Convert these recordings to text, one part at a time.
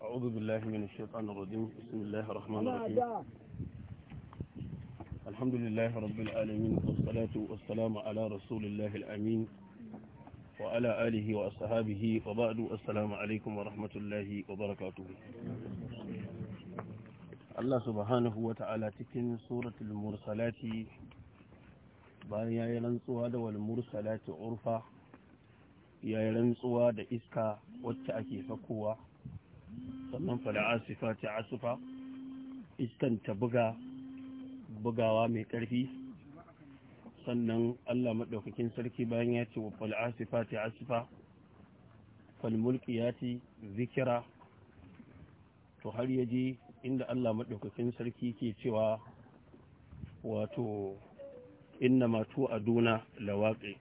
أعوذ بالله من الشيطان الرجيم بسم الله الرحمن الرحيم الحمد لله رب العالمين والصلاة والسلام على رسول الله الأمين وعلى آله وأصحابه وبعد السلام عليكم ورحمة الله وبركاته الله سبحانه وتعالى تكن سورة المرسلات بايا ينصوها والمرسلات عرفة ya yi rantsuwa da iska wacce ake sakowa sannan fala'asifa ta asufa iskan ta buga bugawa mai ƙarfi sannan Allah maɗaukakin sarki bayan ya ce wa fal'asifa ta asufa falmulki ya ce zikira to har ya je inda Allah maɗaukakin sarki ke cewa wato inna matu aduna lawaƙe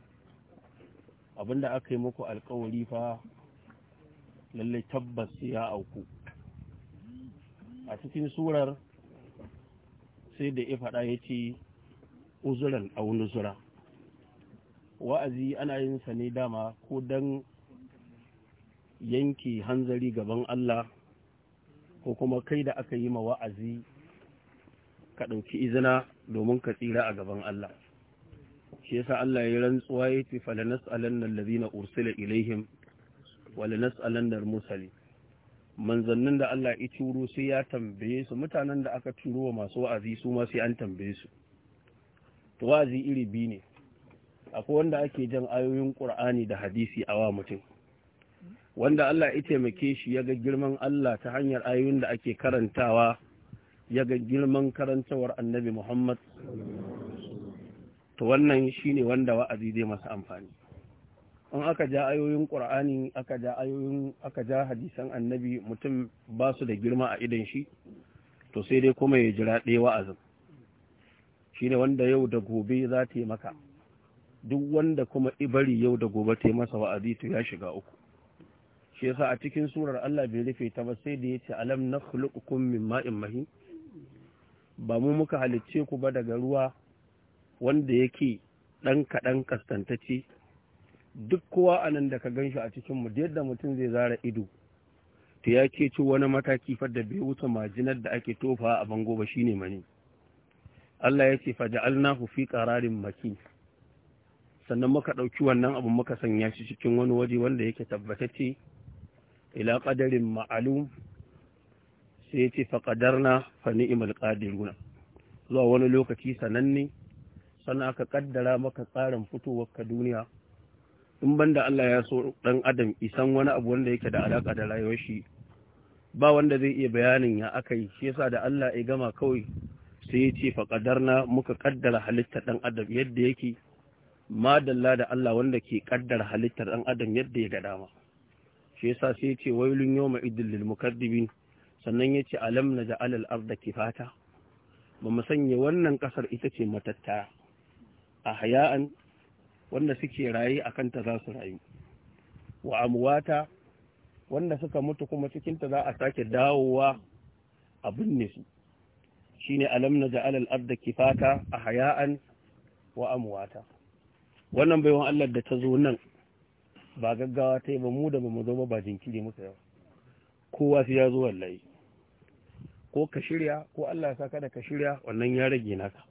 abinda aka yi muku alƙawari fa Lallai tabbas ya auku a cikin surar sai da ifada yace ce uzuran au nuzura wa'azi ana yin sa ne dama ko don yanki hanzari gaban Allah ko kuma kai da aka yi ma wa'azi ka ɗauki izina domin ka tsira a gaban Allah shi yasa Allah ya rantsuwa ya ce falanas alannan ursula ursila ilaihim wal nas'alan dar mursali manzannin da Allah ya turo sai ya tambaye su mutanen da aka turo wa masu wa'azi su ma sai an tambaye su to wa'azi iri biyu ne akwai wanda ake jan ayoyin Qur'ani da hadisi a wa mutum wanda Allah ya taimake shi ya ga girman Allah ta hanyar ayoyin da ake karantawa ya ga girman karantawar Annabi Muhammad to wannan shine wanda wa'azi zai masa amfani in aka ja ayoyin qur'ani aka ja ayoyin aka ja hadisan annabi mutum ba su da girma a idan shi to sai dai kuma ya jira ɗaya wa'azin shine wanda yau da gobe za ta yi maka duk wanda kuma ibari yau da gobe ta yi masa wa'azi to ya shiga uku shi yasa a cikin surar Allah bai rufe ta ba sai da yace alam nakhluqukum min ma'in mahin ba mu muka halicce ku ba daga ruwa wanda yake ɗan kaɗan kastantace duk kowa a nan da ka gan shi a cikinmu da yadda mutum zai zara ido ta ya ke ci wani mataki fadda bai wuce majinar da ake tofa a bango ba shine mani Allah ya ce faja'alnahu fi ƙararin maki sannan muka ɗauki wannan abu muka sanya shi cikin wani waje wanda yake tabbatacce ila ƙadarin ma'alum sai ya ce faqadarna fa ni'mal qadiruna zuwa wani lokaci sananne sannan aka kaddara maka tsarin fitowar ka duniya in banda Allah ya so ɗan adam isan wani abu wanda yake da alaka da rayuwar shi ba wanda zai iya bayanin ya aka yi shi yasa da Allah ya gama kawai sai ya ce fa kadarna muka kaddara halittar dan adam yadda yake Ma da Allah wanda ke kaddara halittar ɗan adam yadda ya ga dama shi yasa sai ya ce wailun yawma idil lil mukaddibin sannan ya ce alam da al arda kifata ba mu sanya wannan kasar ita ce matattara ahya'an wanda suke raye a kanta za su rayu wa amwata wanda suka mutu kuma cikinta za a sake dawowa a binne su shine alam na Ja'alal al-ardh kifata ahya'an wa amwata wannan baiwan Allah da ta zo nan ba gaggawa ta yi ba mu da ba mu zo ba ba jinkiri muka yau kowa sai ya zo wallahi ko ka shirya ko Allah ya saka da ka shirya wannan ya rage naka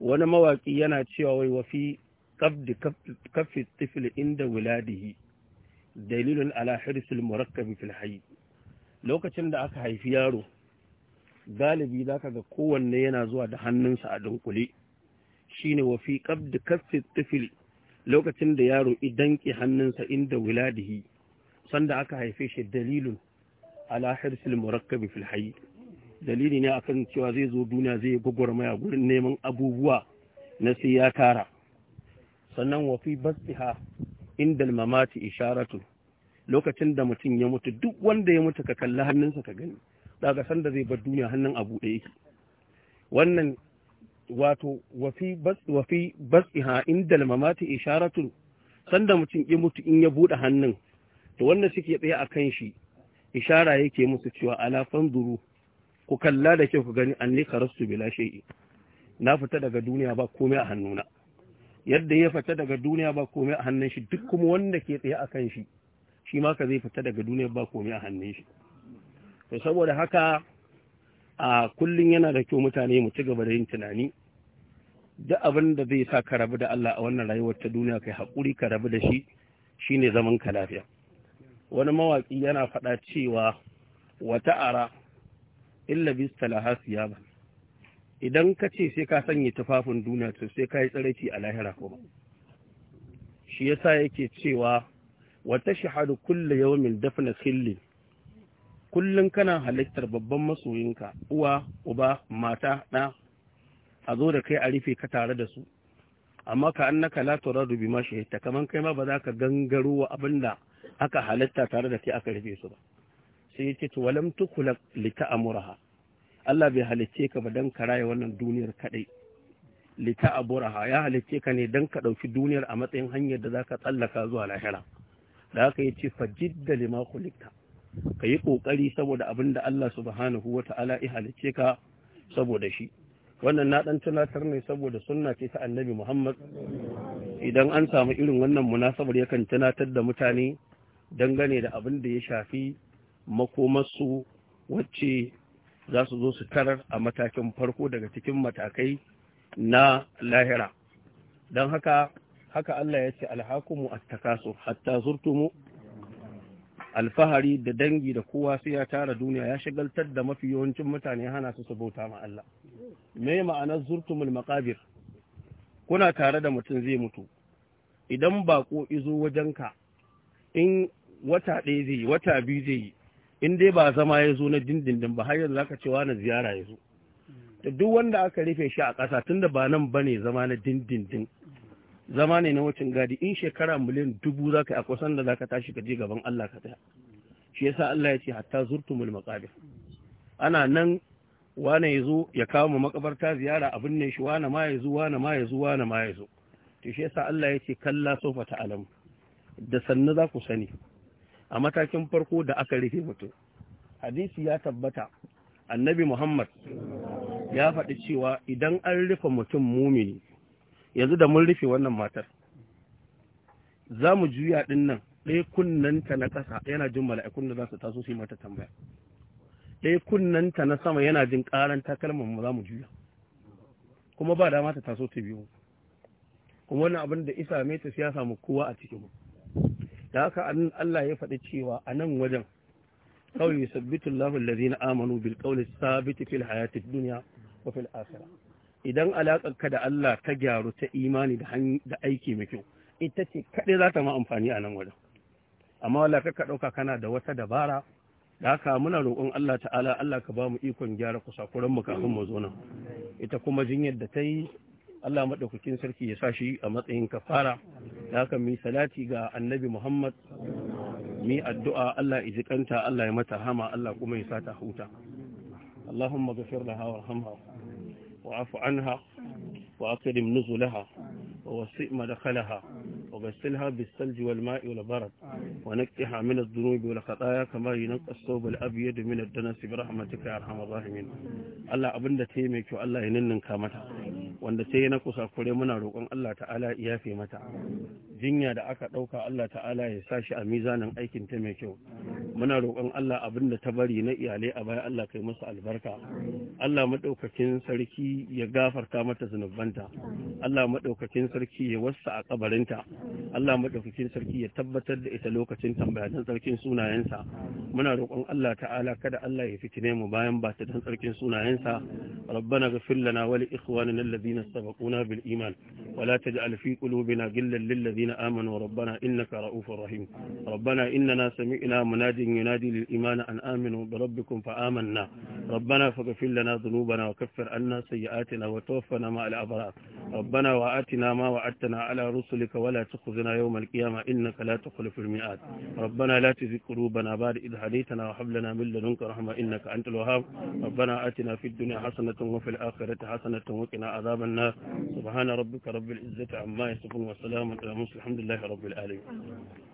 wani mawaki yana cewa wai wafi qabdi kaffi tifil inda wuladihi dalilun ala hirsul murakkabi fil hayy lokacin da aka haifi yaro galibi zaka ga kowanne yana zuwa da hannunsa a dunkule shine wa fi qabdi kaffi tifil lokacin da yaro idan ke hannunsa inda wuladihi sanda aka haife shi dalilun ala hirsul murakkabi fil hayy dalili ne akan cewa zai zo duniya zai gwagwarmaya gurin neman abubuwa na sai ya tara sannan wa fi ha indal mamati isharatu lokacin da mutum ya mutu duk wanda ya mutu ka kalli hannunsa ka gani daga sanda zai bar duniya hannun abu ɗaya yake wannan wato wa fi ha inda mamati isharatu sanda mutum ya mutu in ya buɗe hannun to wanda suke tsaye a kan shi ishara yake musu cewa ala fanzuru ku kalla da kyau ku gani an ni karasu bila shay'i na fita daga duniya ba komai a hannuna yadda ya fita daga duniya ba komai a hannun shi duk kuma wanda ke tsaye a kan shi shi ma ka zai fita daga duniya ba komai a hannun shi to saboda haka a kullun yana da kyau mutane mu ci gaba da yin tunani duk abin da zai sa ka rabu da Allah a wannan rayuwar ta duniya kai hakuri ka rabu da shi shine zaman ka lafiya wani mawaki yana faɗa cewa wata ara illa bis talahasiya ba idan ka ce sai ka sanya tufafin duniya to sai ka yi tsaraki a lahira kuma shi yasa yake cewa wata shahadu kulle yawmin dafna khilli kullum kana halittar babban masoyinka uwa uba mata ɗa a zo da kai a rufe ka tare da su amma ka annaka la turadu bima shahidta kaman kai ma ba za ka gangaro wa abinda aka halitta tare da kai aka rufe su ba sai yake to walam tukhlaq lita ta'muraha Allah bai halicce ka ba don ka raya wannan duniyar kaɗai lita aburaha ya halicce ka ne don ka ɗauki duniyar a matsayin hanyar da za ka tsallaka zuwa lahira da haka ya ce fajidda lima kulikta ka yi ƙoƙari saboda abin da Allah subhanahu wa ta'ala ya halicce ka saboda shi wannan na ɗan tunatar ne saboda sunna ce ta annabi Muhammad idan an samu irin wannan munasabar yakan tunatar da mutane dangane da abin da ya shafi makomarsu wacce za su zo su tarar a matakin farko daga cikin matakai na lahira don haka haka Allah ya ce alhakumu attakasu hatta zurtumu alfahari da dangi da kowa sai ya tara duniya ya shagaltar da mafi yawancin mutane hana su su bauta ma Allah me ma'anar zurtumul maqabir kuna tare da mutum zai mutu idan bako izo wajenka in wata ɗaya zai yi wata biyu zai yi in dai ba zama ya zo na dindindin ba har yanzu zaka cewa na ziyara ya zo da duk wanda aka rufe shi a ƙasa tunda ba nan bane zama na dindindin zama ne na wucin gadi in shekara miliyan dubu zaka yi akwai sanda zaka tashi ka je gaban Allah ka tsaya shi yasa Allah ya ce hatta zurtumul maqabir ana nan wane ya zo ya kawo mu makabarta ziyara abin ne shi wane ma ya zo wane ma ya zo wane ma ya zo to shi yasa Allah ya ce kalla sofa alamu. da sanna za ku sani a matakin farko da aka rufe mutum hadisi ya tabbata annabi muhammad ya faɗi cewa idan an rufe mutum mumini yanzu da mun rufe wannan matar za mu juya ɗin nan ɗaya kunnanta na ƙasa yana jin mala'ikun da za su taso su mata tambaya ɗaya kunnanta na sama yana jin ƙaran takalman mu za mu juya kuma ba dama ta taso ta biyu kuma wani abin da isa mai ta siyasa mu kowa a cikin mu da haka annan Allah ya faɗi cewa a nan wajen kawai yusabbitu Allahu na amanu bil qawli sabit fil hayati duniya wa fil asira idan alaƙarka da Allah ta gyaru ta imani da da aiki mai kyau ita ce kaɗai za ta ma amfani a nan wajen amma wala ka ɗauka kana da wata dabara da haka muna roƙon Allah ta'ala Allah ka ba mu ikon gyara kusakuran mu kafin mu zo nan ita kuma jinyar da ta yi Allah maɗaukakin sarki ya sa shi a matsayin kafara da haka mi salati ga annabi Muhammad mi addu'a Allah ya jikanta Allah ya mata hama Allah kuma ya sata huta Allahumma ghafir laha warhamha wa'fu anha wa'akrim nuzulaha wa wasi' madkhalaha وغسلها بالثلج والماء والبرد ونكتها من الذنوب والخطايا كما ينقى الثوب الأبيض من الدنس برحمتك يا أرحم الراحمين الله أبن دتي ميكو الله ينن كامتا وان دتي نكو ساكولي منا روكم الله تعالى يافي متا jinya da aka ɗauka Allah ta'ala ya sa shi a mizanin aikin ta mai kyau muna roƙon Allah abin da ta bari na iyalai a baya Allah kai musu albarka Allah maɗaukakin sarki ya gafarta mata zunubanta Allah maɗaukakin sarki ya wassa a kabarinta Allah maɗaukakin sarki ya tabbatar da ita lokacin tambaya don sarkin sunayensa muna roƙon Allah ta'ala kada Allah ya fitine mu bayan ba ta don sarkin sunayensa rabbana ghfir lana wa li ikhwanina alladhina sabaquna bil iman wa la taj'al fi qulubina ghillan lil الذين آمنوا ربنا إنك رؤوف رحيم ربنا إننا سمعنا مناد ينادي للإيمان أن آمنوا بربكم فآمنا ربنا فاغفر لنا ذنوبنا وكفر عنا سيئاتنا وتوفنا مع الأبرار ربنا وآتنا ما وعدتنا على رسلك ولا تخزنا يوم القيامة إنك لا تخلف الميعاد ربنا لا تزغ قلوبنا بعد إذ هديتنا وهب لنا من لدنك رحمة إنك أنت الوهاب ربنا آتنا في الدنيا حسنة وفي الآخرة حسنة وقنا عذاب النار سبحان ربك رب العزة عما يصفون وسلام على المرسلين الحمد لله رب العالمين